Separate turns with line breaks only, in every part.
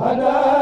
هدانا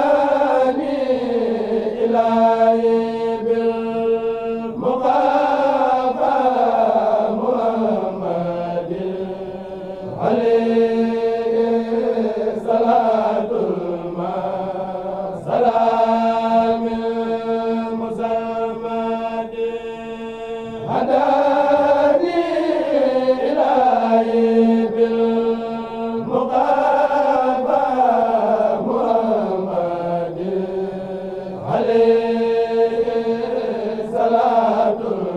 salaatu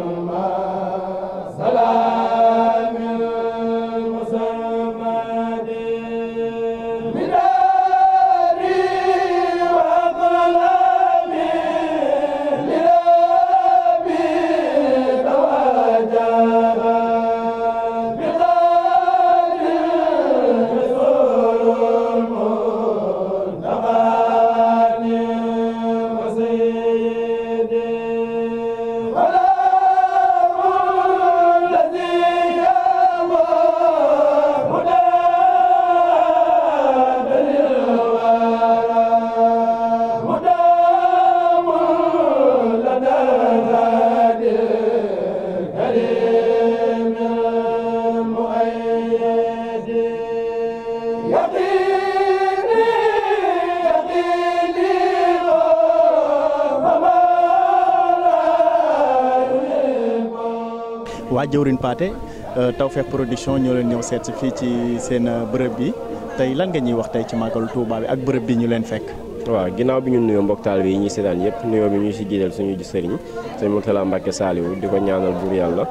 jëwriñ
Pathé euh, Tawfekh Production ñoo leen ñëw seet si fii ci seen euh, bërëb bi tey lan
nga ñuy wax tey ci maakalu Touba bi ak bërëb bi ñu leen fekk. waaw ginnaaw bi ñu nuyoo mbokk taal bi yi ñuy seetaan yëpp nuyoo bi ñu si jiital suñu sëriñ sëñ Mourtala Mbacke Saliou di ko ñaanal buur yàlla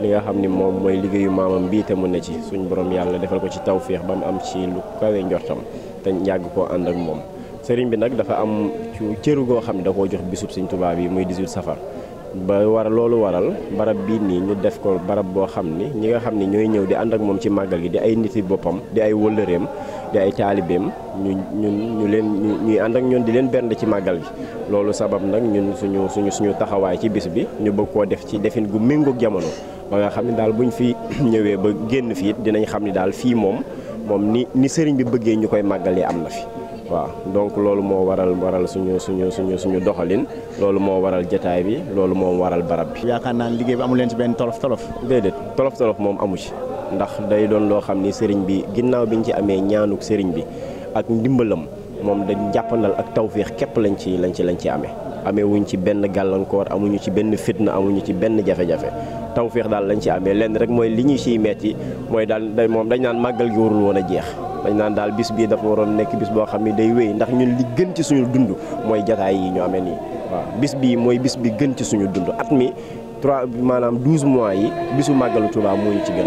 li nga xam ni moom mooy liggéeyu maamam bii te mu ne ci suñu borom yàlla defal ko ci tawféex ba mu am ci lu kawe njortam te yàgg koo ànd ak moom sëriñ bi nag dafa am ci goo xam ne da koo jox bisub sëñ Touba bi muy 18 safar ba war loolu waral barab bii nii ñu def ko barab boo xam ni ñi nga xam ni ñooy ñëw di ànd ak moom ci màggal gi di ay nit boppam di ay wëllëreem di ay taalibeem ñu ñu ñu leen ñuy ànd ak ñun di leen bernde ci màggal gi. loolu sabab nag ñun suñu suñu suñu taxawaay ci bis bi ñu bëgg koo def ci defin gu méngoog jamono ba nga xam ne daal bu ñu fi ñëwee ba génn fii dinañ xam ni daal fii moom moom ni ni sëriñ bi bëggee ñu koy màggalee am na fi. waaw donc loolu moo waral waral suñu suñu suñu suñu doxalin loolu moo waral jataay bi loolu moom waral barab bi. yaakaar naa liggéey bi amu leen ci benn tolof tolof. déedéet tolof tolof moom amu ci ndax day doon loo xam ni sëriñ bi ginnaaw biñ ci amee ñaanuk sëriñ bi ak ndimbalam moom dañ jàppandal ak tawféex képp lañ ci lañ ci lañ ci amee. amee ci benn gàllankoor amuñu ci benn fitna amuñu ci benn jafe-jafe tawféex daal lañ ci amee lenn rek mooy li ñu siy metti mooy daal day moom dañ naan màggal gi warul woon a jeex. dañ naan daal bis bii dafa waroon nekk bis boo xam ne day wéy ndax ñu li gën ci suñu dund mooy jataay yi ñu amee nii waaw bis bii mooy bis bi gën ci suñu dund at mi trois maanaam douze mois yi bisu màggalu Tuubaa moo ñu ci gën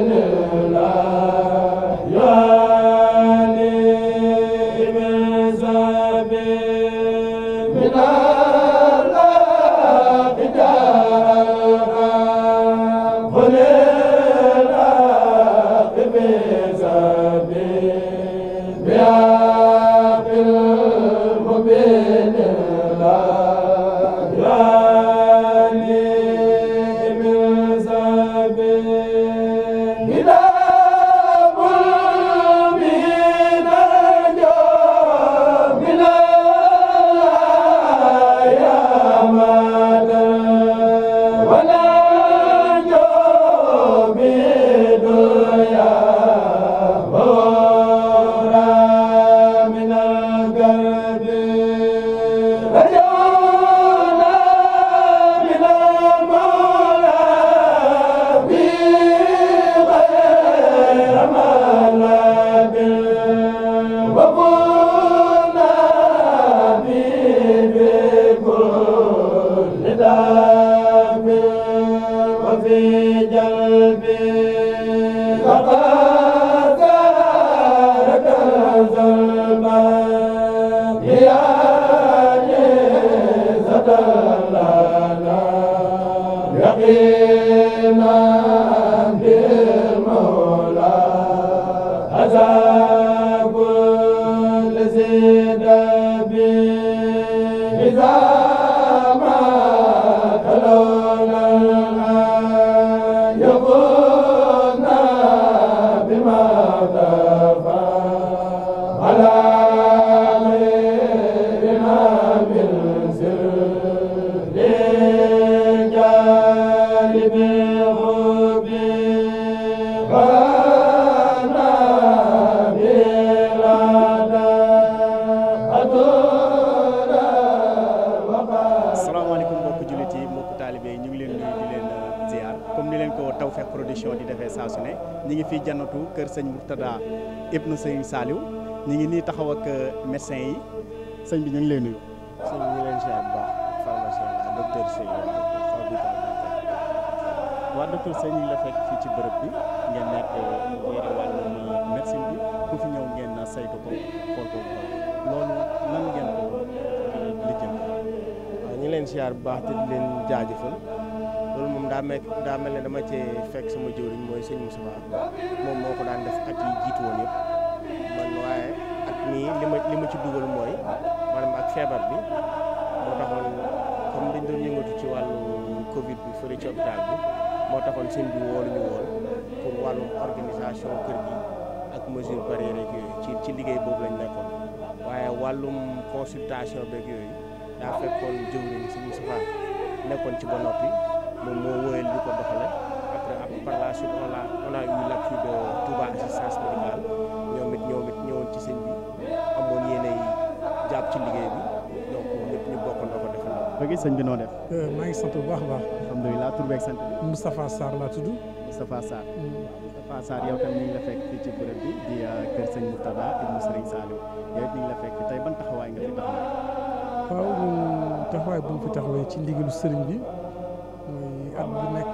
be
sëñ Mourtada ibnu sëñ Saliou ñu ngi nii taxaw ak euh, médecin yi sëñ bi ñu ngi leen nuyu. sëñ bi ñu ngi leen siyaar bu baax pharmacien la docteur Sëñ ñu la fii ci bërëb bi ngeen nekk yore euh, wàllum euh, médecine bi ku fi ñëw ngeen saytu ko xool ko bu baax loolu nan ngeen ko lijjanti. ñu leen siyaar bu baax te leen jaajëfal. daa mel daa mel ne dama cee fekk sama jëwriñ mooy sëñ Moussa moom moo ko daan def at yi jiitu woon yëpp man waaye at mii li ma li ma ci dugal mooy maanaam ak feebar bi moo taxoon comme dañ doon yëngatu ci wàllu Covid bi fële ci hôpital bi moo taxoon sëñ bi woolu ñu woon pour wàllum organisation kër gi ak mesure barrière rek yooyu ci ci liggéey boobu lañ nekkoon waaye wàllum consultation beeg yooyu daa fekkoon jëwriñ sëñ Moussa nekkoon ci ba noppi. moom moo wóyal ñu ko doxale après après par la suite on a on a eu l'appui de Touba assistance médicale ñoom it ci sëñ bi amoon yéenay jàpp ci liggéey bi donc ñëpp ñu bokk na ko defal la. bëgg sëñ bi noo def. Euh, maa ngi sant bu baax a baax. alhamdulilah tur beeg sant bi. Moustapha Sarr laa tudd. Moustapha Sarr. Mm. Moustapha tam ñu ngi la fekk fii ci bërëb bi di euh, kër sëñ Moutada ibnu sëriñ Saliou yow it ñu ngi la fekk tey ban taxawaay nga fi taxawaay. waaw taxawaay ci ndigalu sëriñ bi. at bu nekk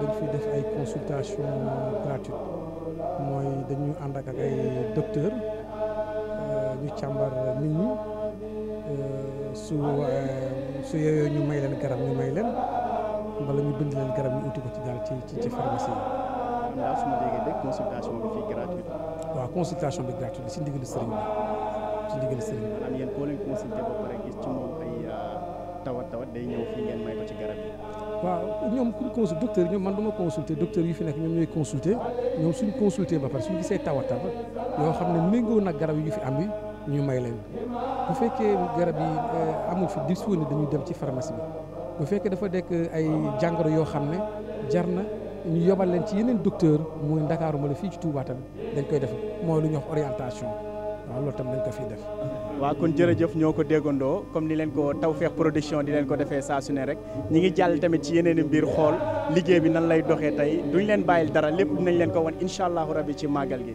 dañ fi def ay consultation gratuite mooy dañuy ànd ak ay docteur euh, ñu càmbar nit ñi euh, su euh, su yooyu ñu may leen garab ñu may leen wala ñu bind leen garab ñu uti ko ci daal ci ci ci pharmacie yi. daal su ma déggee dégg consultation bi fii gratuite. waaw consultation bi gratuite si ndigalu sëriñ bi si ndigalu sëriñ bi. maanaam yéen boo leen consulté ba pare gis ci moom ay tawat tawat day ñëw fii ngeen may ko ci garab yi. waaw ñoom kuñ consul docteur ñoom man du ma consulter docteur yu fi nekk ñoom ñooy consulter ñoom suñ consulter ba pare suñ gisee tawatal yoo xam ne méngoo nag garab yu fi am yi ñu may leen bu fekkee garab yi euh, amul fi ni dañuy dem ci pharmacie bi bu fekkee dafa dekk euh, ay jàngaro yoo xam ne jar na ñu yobal leen ci yeneen docteur mooy Ndakaaru la fii ci Touba dañ koy def mooy lu ñuy wax orientation waaw loolu tam dañ ko fii def waaw kon jërëjëf ñoo ko déggandoo comme ni leen ko Tawfekh Production di leen ko defee saa su rek ñi ngi jàll tamit ci yeneen i mbir xool liggéey bi nan lay doxee tey duñ leen bàyyil dara lépp dinañ leen ko won incha allahu rabbi ci màggal gi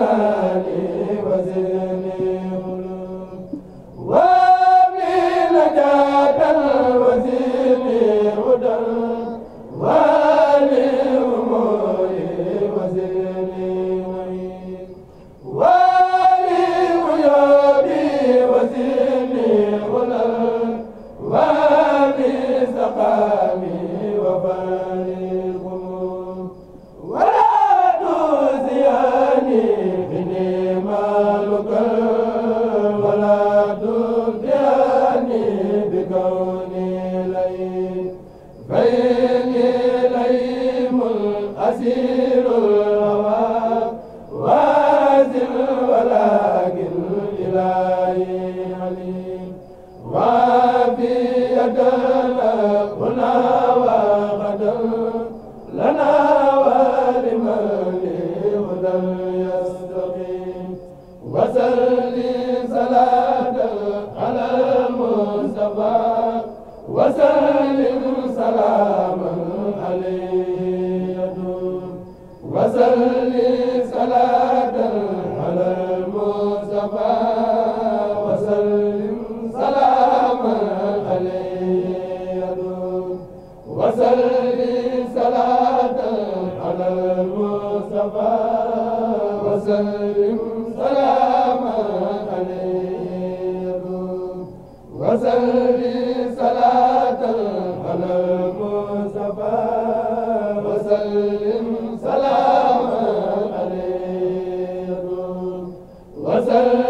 Baba عليه يدور وسلم سلام wasal